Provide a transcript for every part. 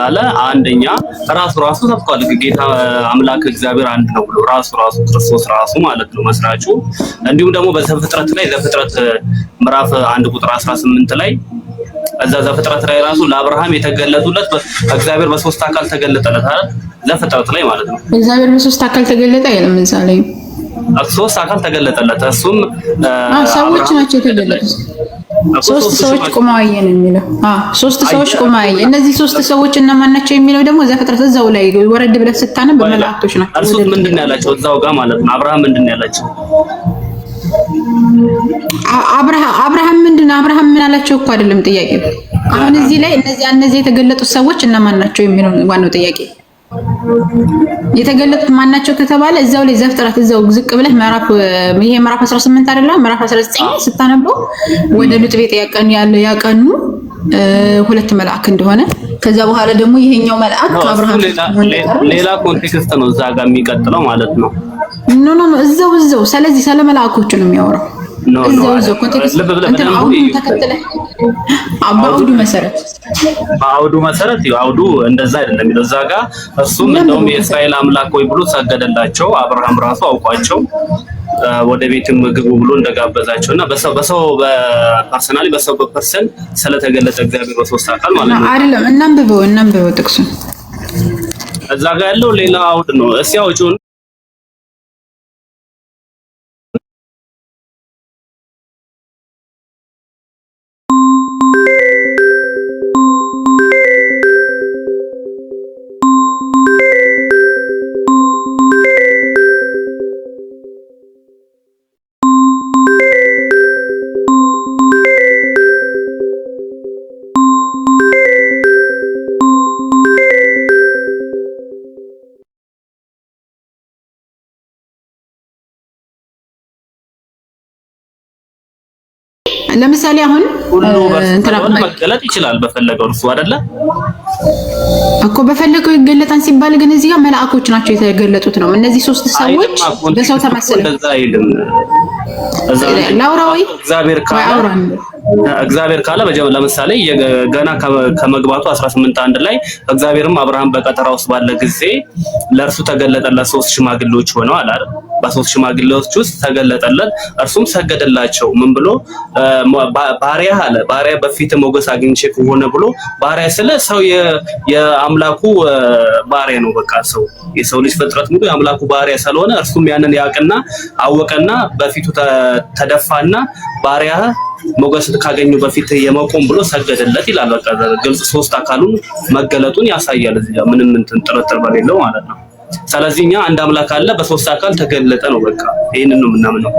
ስላለ አንደኛ ራሱ ራሱ ሰብኳል። ጌታ አምላክ እግዚአብሔር አንድ ነው ብሎ ራሱ ራሱ ክርስቶስ ራሱ ማለት ነው መስራቹ። እንዲሁም ደግሞ በዘፍጥረት ላይ ዘፍጥረት ምዕራፍ አንድ ቁጥር 18 ላይ እዛ ዘፍጥረት ላይ ራሱ ለአብርሃም የተገለጡለት እግዚአብሔር በሶስት አካል ተገለጠለት አይደል? ዘፍጥረት ላይ ማለት ነው እግዚአብሔር በሶስት አካል ተገለጠ አይደለም እዛ ላይ ሶስት አካል ተገለጠለት። እሱም ሰዎች ናቸው የተገለጡት ሶስት ሰዎች ቁመው አየን የሚለው ሶስት ሰዎች ቁመው አየን። እነዚህ ሶስት ሰዎች እነማን ናቸው የሚለው ደግሞ ዘፍጥረት እዛው ላይ ወረድ ብለህ ስታነብ በመላእክቶች ናቸው። እርሱ ምንድን ነው ያላቸው እዛው ጋር ማለት ነው። አብርሃም ምንድን ነው ያላቸው? አብርሃም ምንድን አብርሃም ምን አላቸው እኮ አይደለም ጥያቄው አሁን እዚህ ላይ እነዚህ እነዚህ የተገለጡት ሰዎች እነማን ናቸው የሚለው ዋናው ጥያቄ የተገለጡት ማናቸው ከተባለ እዛው ላይ ዘፍጥረት እዛው ዝቅ ብለህ ምዕራፍ ይሄ ምዕራፍ 18 አይደለ ምዕራፍ 19 ስታነበው ወደ ሉጥ ቤት ያቀኑ ያለ ያቀኑ ሁለት መልአክ እንደሆነ ከዛ በኋላ ደግሞ ይሄኛው መልአክ ከአብርሃም ሌላ ኮንቴክስት ነው እዛ ጋር የሚቀጥለው ማለት ነው። ኖ ኖ ኖ እዛው እዛው ስለዚህ ስለ መልአኮቹ ነው የሚያወራው። ኖ ኖ ልብ ብለህ በደንብ በአውዱ መሰረት በአውዱ መሰረት አውዱ እንደዛ አይደለም የሚለው እዛ ጋር እሱም እንደውም የእስራኤል አምላክ ወይ ብሎ ሰገደላቸው። አብርሃም ራሱ አውቋቸው ወደ ቤትም ግቡ ብሎ እንደጋበዛቸው እና በሰው በሰው በፐርሰናሊ በሰው በፐርሰን ስለተገለጠ እግዚአብሔር በሶስት አካል ማለት ነው አይደለም። እናንብበው እናንብበው ጥቅሱን እዛ ጋር ያለው ሌላ አውድ ነው። እስኪ አውጪውን ለምሳሌ አሁን ሁሉ መገለጥ ይችላል በፈለገው እርሱ አይደለ እኮ በፈለገው ይገለጣን ሲባል ግን እዚህ ጋር መልአኮች ናቸው የተገለጡት ነው። እነዚህ ሶስት ሰዎች በሰው ተመሰለ ላውራዊ እግዚአብሔር ካለ እግዚአብሔር ካለ ለምሳሌ ገና ከመግባቱ 18 አንድ ላይ እግዚአብሔርም አብርሃም በቀጠራ ውስጥ ባለ ጊዜ ለእርሱ ተገለጠለት፣ ሶስት ሽማግሌዎች ሆነው አላለም በሶስት ሽማግሌዎች ውስጥ ተገለጠለት። እርሱም ሰገደላቸው። ምን ብሎ ባሪያ አለ። ባሪያ በፊት ሞገስ አግኝቼ ከሆነ ብሎ ባሪያ ስለ ሰው የአምላኩ ባሪያ ነው። በቃ ሰው የሰው ልጅ ፍጥረት ሙሉ የአምላኩ ባሪያ ስለሆነ እርሱም ያንን ያውቅና አወቀና በፊቱ ተደፋና ባሪያ ሞገስ ካገኙ በፊት የመቆም ብሎ ሰገደለት ይላል። በቃ ግልጽ ሶስት አካሉን መገለጡን ያሳያል። እዚህ ጋር ምንም እንትን ጥርጥር በሌለው ማለት ነው። ስለዚህ እኛ አንድ አምላክ አለ በሶስት አካል ተገለጠ ነው። በቃ ይሄንን ነው የምናምነው።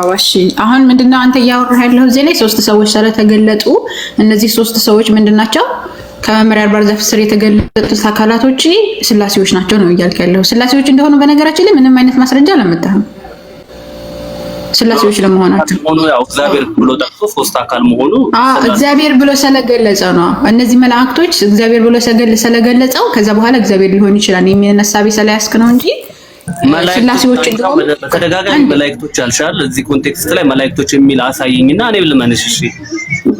አዋሽ አሁን ምንድነው አንተ እያወራህ ያለው እዚህ ላይ ሶስት ሰዎች ስለተገለጡ እነዚህ ሶስት ሰዎች ምንድናቸው? ከመምሪያ አርባ ዛፍ ስር የተገለጡት አካላቶች ስላሴዎች ናቸው ነው እያልክ ያለው። ስላሴዎች እንደሆኑ በነገራችን ላይ ምንም አይነት ማስረጃ አላመጣህም። ስላሴዎች ለመሆናቸው ሆኖ ያው እግዚአብሔር ብሎ ጠቅሶ ሶስት አካል መሆኑ እግዚአብሔር ብሎ ስለገለጸ ነው። እነዚህ መላእክቶች እግዚአብሔር ብሎ ስለገለጸው ከዛ በኋላ እግዚአብሔር ሊሆን ይችላል የሚል ሀሳብ ስለያስክ ነው እንጂ ስላሴዎች ተደጋጋሚ መላእክቶች ያልሻል። እዚህ ኮንቴክስት ላይ መላእክቶች የሚል አሳይኝና እኔ ልመንሽ። እሺ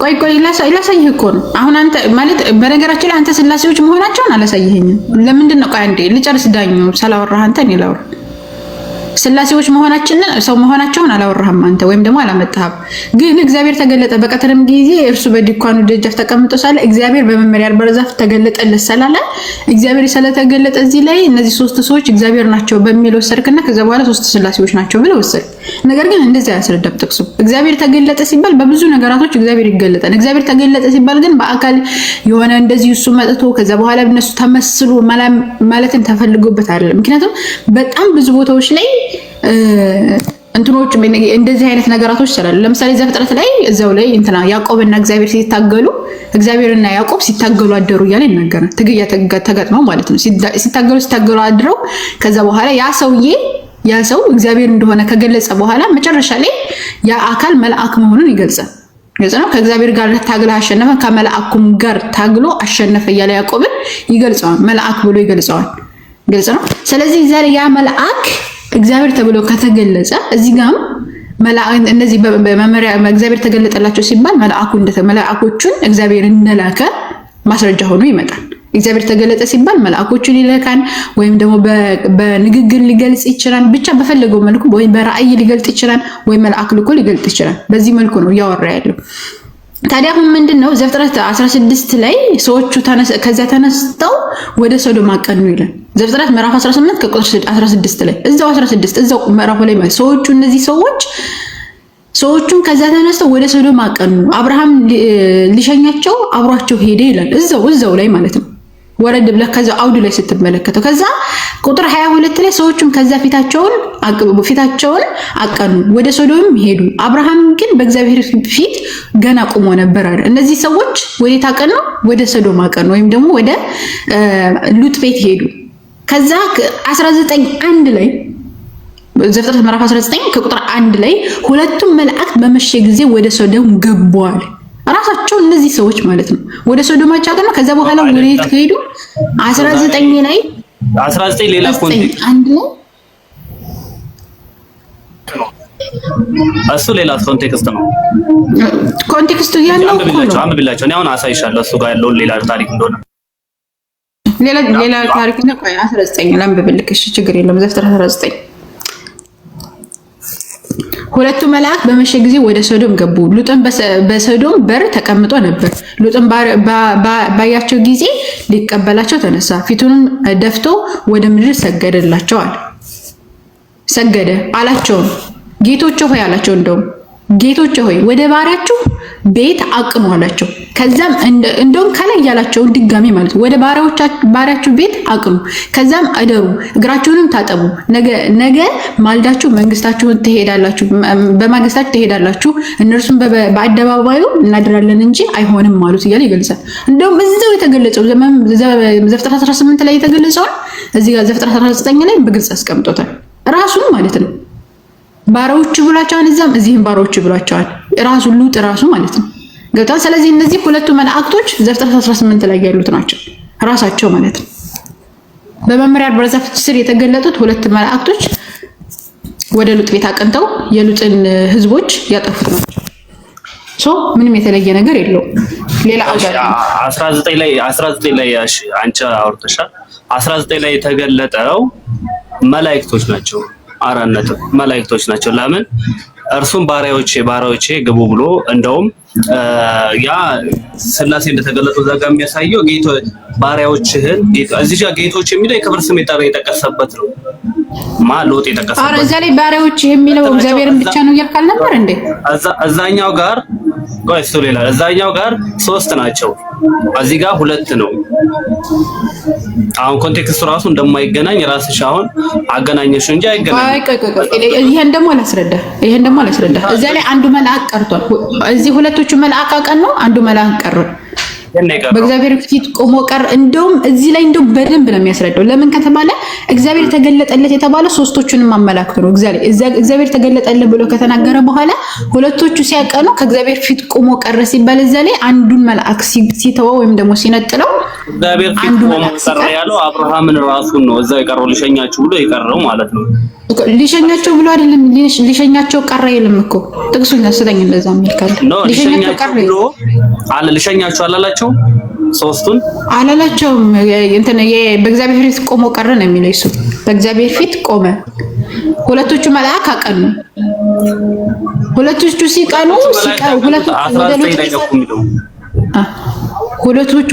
ቆይ ቆይ ላሳይህ እኮ ነው አሁን አንተ ማለት በነገራችን ላይ አንተ ስላሴዎች መሆናቸውን አላሳይህኝም። ለምንድን ነው? ቆይ አንዴ ልጨርስ ዳኙ። ሰላወራህ አንተ እኔ ላውራ ስላሴዎች መሆናችንን ሰው መሆናቸውን አላወራህም አንተ ወይም ደግሞ አላመጣህም። ግን እግዚአብሔር ተገለጠ። በቀትርም ጊዜ እርሱ በድንኳኑ ደጃፍ ተቀምጦ ሳለ እግዚአብሔር በመመሪያ አርበረ ዛፍ ተገለጠለት ስላለ እግዚአብሔር ስለተገለጠ እዚህ ላይ እነዚህ ሶስት ሰዎች እግዚአብሔር ናቸው በሚል ወሰድክና ከዛ በኋላ ሶስት ስላሴዎች ናቸው ብለህ ወሰድ። ነገር ግን እንደዚህ አያስረዳም ጥቅሱ። እግዚአብሔር ተገለጠ ሲባል በብዙ ነገራቶች እግዚአብሔር ይገለጣል። እግዚአብሔር ተገለጠ ሲባል ግን በአካል የሆነ እንደዚህ እሱ መጥቶ ከዛ በኋላ እነሱ ተመስሎ ማለትን ተፈልጎበት አይደለም። ምክንያቱም በጣም ብዙ ቦታዎች ላይ እንትኖች እንደዚህ አይነት ነገራቶች ይሰራሉ። ለምሳሌ ዘፍጥረት ላይ እዛው ላይ እንትና ያዕቆብና እግዚአብሔር ሲታገሉ እግዚአብሔርና ያዕቆብ ሲታገሉ አደሩ እያለ ይናገራል። ትግያ ተገጥመው ማለት ነው። ሲታገሉ ሲታገሉ አድረው ከዛ በኋላ ያ ሰውዬ ያ ሰው እግዚአብሔር እንደሆነ ከገለጸ በኋላ መጨረሻ ላይ ያ አካል መልአክ መሆኑን ይገልጻል። ግልጽ ነው። ከእግዚአብሔር ጋር ታግለህ አሸነፈ፣ ከመልአኩም ጋር ታግሎ አሸነፈ እያለ ያዕቆብን ይገልጸዋል። መልአክ ብሎ ይገልጸዋል። ግልጽ ነው። ስለዚህ ዛሬ ያ መልአክ እግዚአብሔር ተብሎ ከተገለጸ እዚህ ጋም እነዚህ በመመሪያ እግዚአብሔር ተገለጠላቸው ሲባል መላእኮቹን እግዚአብሔር እንደላከ ማስረጃ ሆኖ ይመጣል። እግዚአብሔር ተገለጠ ሲባል መልአኮቹን ይለካን ወይም ደግሞ በንግግር ሊገልጽ ይችላል። ብቻ በፈለገው መልኩ ወይም በራእይ ሊገልጥ ይችላል፣ ወይም መልአክ ልኮ ሊገልጥ ይችላል። በዚህ መልኩ ነው እያወራ ያለው። ታዲያ አሁን ምንድን ነው ዘፍጥረት 16 ላይ ሰዎቹ ከዚያ ተነስተው ወደ ሶዶም አቀኑ ይላል ዘፍጥረት ምዕራፍ 18 ከቁጥር 16 ላይ እዛው 16 እዛው ምዕራፉ ላይ ማለት ሰዎቹ እነዚህ ሰዎች ሰዎቹም ከዛ ተነስተው ወደ ሶዶም አቀኑ አብርሃም ሊሸኛቸው አብሯቸው ሄደ ይላል እዛው እዛው ላይ ማለት ነው ወረድ ብለህ ከዛ አውዱ ላይ ስትመለከተው ከዛ ቁጥር 22 ላይ ሰዎቹም ከዛ ፊታቸውን ፊታቸውን አቀኑ ወደ ሶዶም ሄዱ። አብርሃም ግን በእግዚአብሔር ፊት ገና ቁሞ ነበር አለ። እነዚህ ሰዎች ወዴት አቀኑ? ወደ ሶዶም አቀኑ፣ ወይም ደግሞ ወደ ሉጥ ቤት ሄዱ። ከዛ 19 አንድ ላይ ዘፍጥረት ምዕራፍ 19 ከቁጥር አንድ ላይ ሁለቱም መላእክት በመሸ ጊዜ ወደ ሶዶም ገቡ ራሳቸው እነዚህ ሰዎች ማለት ነው ወደ ሶዶማ ጫትና ከዛ በኋላ ወደ የት ከሄዱ 19 ላይ 19 ሌላ ኮንቴክስት አንድ ነው። እሱ ሌላ ኮንቴክስት ነው። ኮንቴክስቱ ያለው እኮ ነው። ብላችሁ እኔ አሁን አሳይሻለሁ እሱ ጋር ያለውን ሌላ ታሪክ እንደሆነ ሌላ ሌላ ታሪክ ነው። ቆይ 19 ላይ ላንብብልሽ ችግር የለም ዘፍጥረት 19 ሁለቱ መልአክ በመሸ ጊዜ ወደ ሶዶም ገቡ። ሉጥም በሶዶም በር ተቀምጦ ነበር። ሉጥም ባያቸው ጊዜ ሊቀበላቸው ተነሳ፣ ፊቱንም ደፍቶ ወደ ምድር ሰገደላቸዋል። ሰገደ አላቸውም፣ ጌቶች ሆይ አላቸው። እንደውም ጌቶች ሆይ ወደ ባሪያችሁ ቤት አቅኑ አላቸው። ከዛም እንደውም ከላይ ያላቸውን ድጋሚ ማለት ወደ ባሪያችሁ ቤት አቅኑ፣ ከዛም እደሩ፣ እግራችሁንም ታጠቡ። ነገ ማልዳችሁ መንግስታችሁን ትሄዳላችሁ፣ በማግስታችሁ ትሄዳላችሁ። እነርሱም በአደባባዩ እናድራለን እንጂ አይሆንም አሉት እያለ ይገልጻል። እንደውም እዚው የተገለጸው ዘፍጥረት 18 ላይ የተገለጸውን እዚህ ጋር ዘፍጥረት 19 ላይ በግልጽ አስቀምጦታል ራሱን ማለት ነው። ባሮቹ ብሏቸዋል። እዛም እዚህም ባሮቹ ብሏቸዋል። ራሱ ሉጥ ራሱ ማለት ነው ገብቷል። ስለዚህ እነዚህ ሁለቱ መላእክቶች ዘፍጥረት 18 ላይ ያሉት ናቸው ራሳቸው ማለት ነው። በመምሪያ በዛፍ ስር የተገለጡት ሁለት መላእክቶች ወደ ሉጥ ቤት አቅንተው የሉጥን ህዝቦች ያጠፉት ናቸው። ሶ ምንም የተለየ ነገር የለውም። ሌላ 19 ላይ 19 ላይ አንቺ አውርተሻል። 19 ላይ የተገለጠው መላእክቶች ናቸው አራት ነጥብ መላእክቶች ናቸው። ለምን እርሱም ባሪያዎቼ ባሪያዎቼ ግቡ ብሎ እንደውም ያ ስላሴ እንደተገለጠው እዛ ጋር የሚያሳየው ጌቶ ባሪያዎችህን ጌቶ እዚህ ጋር ጌቶች የሚለው የክብር ስም የጠራ የጠቀሰበት ነው። ማ ሎጥ የጠቀሰበት አረ እዛ ላይ ባሪያዎች የሚለው እግዚአብሔርን ብቻ ነው እያልክ ነበር እንዴ? እዛኛው ጋር ቆይ እሱ ሌላ እዛኛው ጋር ሶስት ናቸው፣ እዚህ ጋር ሁለት ነው። አሁን ኮንቴክስቱ ራሱ እንደማይገናኝ ራስሽ አሁን አገናኘሽ እንጂ አይገናኝ። ይሄን ደግሞ አላስረዳ፣ ይሄን ደግሞ አላስረዳ። እዚያ ላይ አንዱ መልአክ ቀርቷል። እዚህ ሁለቶቹ መልአክ አቀን ነው፣ አንዱ መልአክ ቀርቷል። በእግዚአብሔር ፊት ቆሞ ቀር። እንደውም እዚህ ላይ እንደው በደንብ ነው የሚያስረዳው። ለምን ከተባለ እግዚአብሔር ተገለጠለት የተባለ ሶስቶቹንም አመላክቶ ነው። እግዚአብሔር ተገለጠለት ብሎ ከተናገረ በኋላ ሁለቶቹ ሲያቀኑ ከእግዚአብሔር ፊት ቆሞ ቀረ ሲባል እዛ ላይ አንዱን መልአክ ሲተወው ወይም ደግሞ ሲነጥለው እግዚአብሔር ፊት ቆሞ ቀረ ያለው አብርሃምን ራሱን ነው። እዛ የቀረው ልሸኛችሁ ብሎ የቀረው ማለት ነው። ሊሸኛቸው ብሎ አይደለም ሊሸኛቸው ቀረ የለም እኮ ጥቅሱ ስጠኝ። እንደዛ የሚል ካለ ሊሸኛቸው አለ። ልሸኛቸው አላላቸው ሶስቱን አላላቸውም። እንትን በእግዚአብሔር ፊት ቆሞ ቀረ ነው የሚለው እሱ። በእግዚአብሔር ፊት ቆመ። ሁለቶቹ መልአክ አቀኑ። ሁለቶቹ ሲቀኑ ሲቀኑ ሁለቶቹ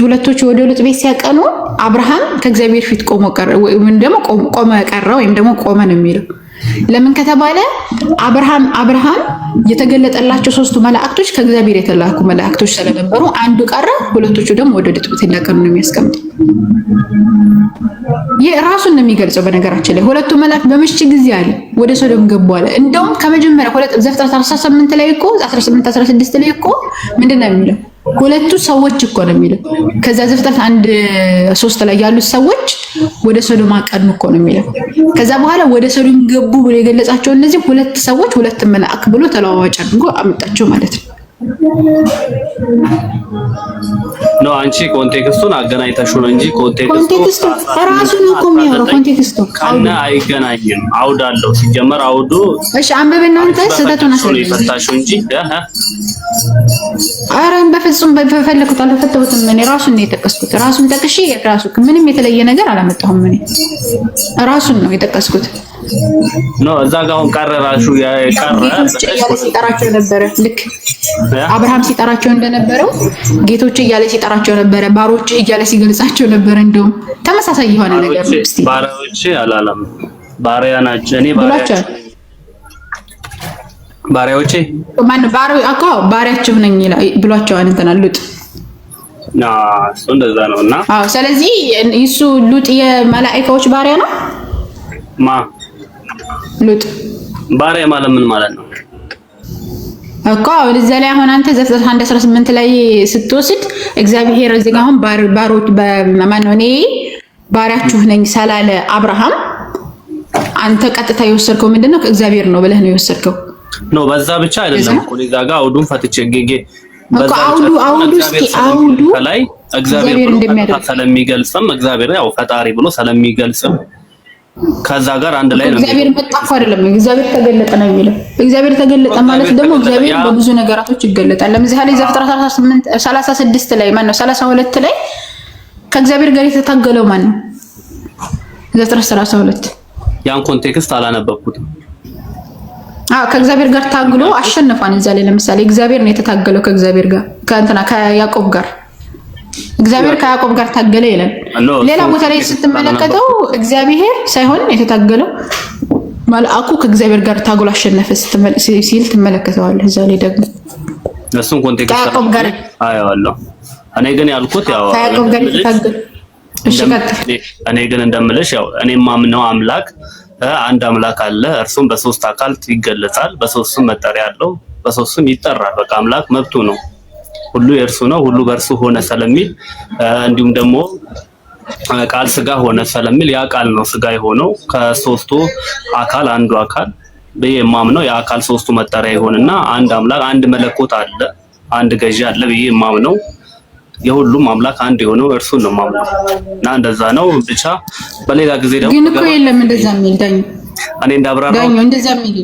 ወደ ሎጥ ቤት ሲያቀኑ አብርሃም ከእግዚአብሔር ፊት ቆሞ ቀረ፣ ወይም ደግሞ ቆመ ቀረ፣ ወይም ደግሞ ቆመ ነው የሚለው። ለምን ከተባለ አብርሃም አብርሃም የተገለጠላቸው ሶስቱ መላእክቶች ከእግዚአብሔር የተላኩ መላእክቶች ስለነበሩ አንዱ ቀረ፣ ሁለቶቹ ደግሞ ወደ ድጥብት እንዳቀኑ ነው የሚያስቀምጠው። ራሱን ነው የሚገልጸው። በነገራችን ላይ ሁለቱ መላእክት በመሸ ጊዜ አለ ወደ ሶዶም ገቡ አለ። እንደውም ከመጀመሪያ ዘፍጥረት 18 ላይ እኮ 18 16 ላይ እኮ ምንድን ነው የሚለው ሁለቱ ሰዎች እኮ ነው የሚለው። ከዛ ዘፍጥረት አንድ ሶስት ላይ ያሉት ሰዎች ወደ ሶዶም አቀኑ እኮ ነው የሚለው። ከዛ በኋላ ወደ ሶዶም ገቡ ብሎ የገለጻቸው እነዚህ ሁለት ሰዎች ሁለት መልአክ ብሎ ተለዋዋጭ አድርጎ አመጣቸው ማለት ነው። ነው አንቺ ኮንቴክስቱን አገናኝተሹ ነው እንጂ ኮንቴክስቱ ራሱን እኮ የሚያወራው ኮንቴክስቱ እና አይገናኝም። አውድ አለው ሲጀመር አውዱ እሺ፣ አንብብና አንተ ስህተቱን አሰለ ይፈታሽው እንጂ አሃ፣ በፍጹም በፈለኩት አልፈተሁትም። እኔ ራሱን ነው የጠቀስኩት። ራሱን ጠቅሼ ራሱ ምንም የተለየ ነገር አላመጣሁም። እኔ ራሱን ነው የጠቀስኩት። ኖ እዛ ጋር አሁን ቀረራሹ ቀረ ሲጠራቸው ነበረ። ልክ አብርሃም ሲጠራቸው እንደነበረው ጌቶች እያለ ሲጠራቸው ነበረ። ባሮች እያለ ሲገልጻቸው ነበረ። እንደውም ተመሳሳይ የሆነ ነገር ነው። እስቲ ባሮች አላለም፣ ባሪያ ናቸው። እኔ ባሪያ ባሪያዎች ማን ባሪ አቆ ባሪያችሁ ነኝ ይላል ብሏቸዋል። እንትና ሉጥ እሱ እንደዛ ነውና፣ አዎ። ስለዚህ እሱ ሉጥ የመላእክቶች ባሪያ ነው ማ ሉጥ ባሪያ ማለት ምን ማለት ነው? እኮ አሁን እዛ ላይ አሁን አንተ ዘፍጥረት 1:18 ላይ ስትወስድ እግዚአብሔር እዚህ ጋር አሁን ባሮች በማን ነው እኔ ባሪያችሁ ነኝ ሰላለ አብርሃም፣ አንተ ቀጥታ የወሰድከው ምንድነው? እግዚአብሔር ነው ብለህ ነው የወሰድከው። ነው በዛ ብቻ አይደለም እኮ እዛ ጋር አውዱን ፈትቼ ጌጌ በዛ አውዱ አውዱ እስኪ አውዱ ከላይ እግዚአብሔር ብሎ ስለሚገልጽም እግዚአብሔር ያው ፈጣሪ ብሎ ስለሚገልጽም ከዛ ጋር አንድ ላይ ነው። እግዚአብሔር መጣፉ አይደለም፣ እግዚአብሔር ተገለጠ ነው የሚለው። እግዚአብሔር ተገለጠ ማለት ደግሞ እግዚአብሔር በብዙ ነገራቶች ይገለጣል። ለምሳሌ ዘፍጥረት 38 36 ላይ ማን ነው 32 ላይ ከእግዚአብሔር ጋር የተታገለው ማን ነው? ዘፍጥረት 32 ያን ኮንቴክስት አላነበብኩትም። አዎ ከእግዚአብሔር ጋር ታግሎ አሸነፋን። እዛ ላይ ለምሳሌ እግዚአብሔር ነው የተታገለው ከእግዚአብሔር ጋር ከእንትና ከያዕቆብ ጋር እግዚአብሔር ከያዕቆብ ጋር ታገለ ይላል። ሌላ ቦታ ላይ ስትመለከተው እግዚአብሔር ሳይሆን የተታገለው መልአኩ ከእግዚአብሔር ጋር ታግሎ አሸነፈ ሲል ትመለከተዋለህ። እዛ ላይ ደግሞ እሱን ኮንቴክስት ከያዕቆብ ጋር አየዋለሁ። እኔ ግን ያልኩት ያው ከያዕቆብ ጋር የታገለ እኔ ግን እንደምልሽ ያው እኔ ማምነው አምላክ አንድ አምላክ አለ። እርሱም በሶስት አካል ይገለጻል፣ በሶስቱም ስም መጠሪያ አለው፣ በሶስቱም ስም ይጠራል። በቃ አምላክ መብቱ ነው። ሁሉ የእርሱ ነው፣ ሁሉ በእርሱ ሆነ ስለሚል እንዲሁም ደግሞ ቃል ስጋ ሆነ ስለሚል ያ ቃል ነው ስጋ የሆነው ከሶስቱ አካል አንዱ አካል ብዬ የማምነው ያ አካል ሶስቱ መጠሪያ ይሆንና አንድ አምላክ አንድ መለኮት አለ፣ አንድ ገዢ አለ ብዬ የማምነው የሁሉም አምላክ አንድ የሆነው እርሱን ነው የማምነው እና እንደዛ ነው። ብቻ በሌላ ጊዜ ደግሞ ግን እኮ የለም እንደዛ የሚል ዳኝ እኔ እንዳብራራ ዳኝ እንደዛ የሚል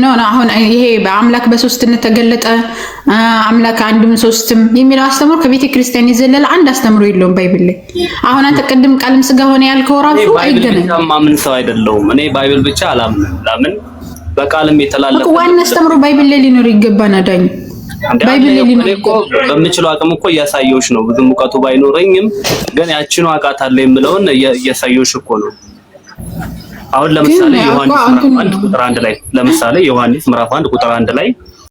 ኖ አሁን ይሄ በአምላክ በሶስትነት ተገለጠ፣ አምላክ አንድም ሶስትም የሚለው አስተምሮ ከቤተ ክርስቲያን የዘለለ አንድ አስተምሮ የለውም ባይብል ላይ። አሁን አንተ ቅድም ቃልም ስጋ ሆነ ያልከው ራሱ አይገናኝም። ማምን ሰው አይደለሁም እኔ ባይብል ብቻ አላምንም። ለምን በቃልም የተላለፈ ዋና አስተምሮ ባይብል ላይ ሊኖር ይገባና አዳኝ ባይብል ላይ ሊኖር በምችለው አቅም እኮ እያሳየሁሽ ነው። ብዙም እውቀቱ ባይኖረኝም ግን ያችኑ አውቃታለሁ የምለውን እያሳየሁሽ እኮ ነው አሁን ለምሳሌ ዮሐንስ ምዕራፍ አንድ ቁጥር አንድ ላይ ለምሳሌ ዮሐንስ ምዕራፍ አንድ ቁጥር አንድ ላይ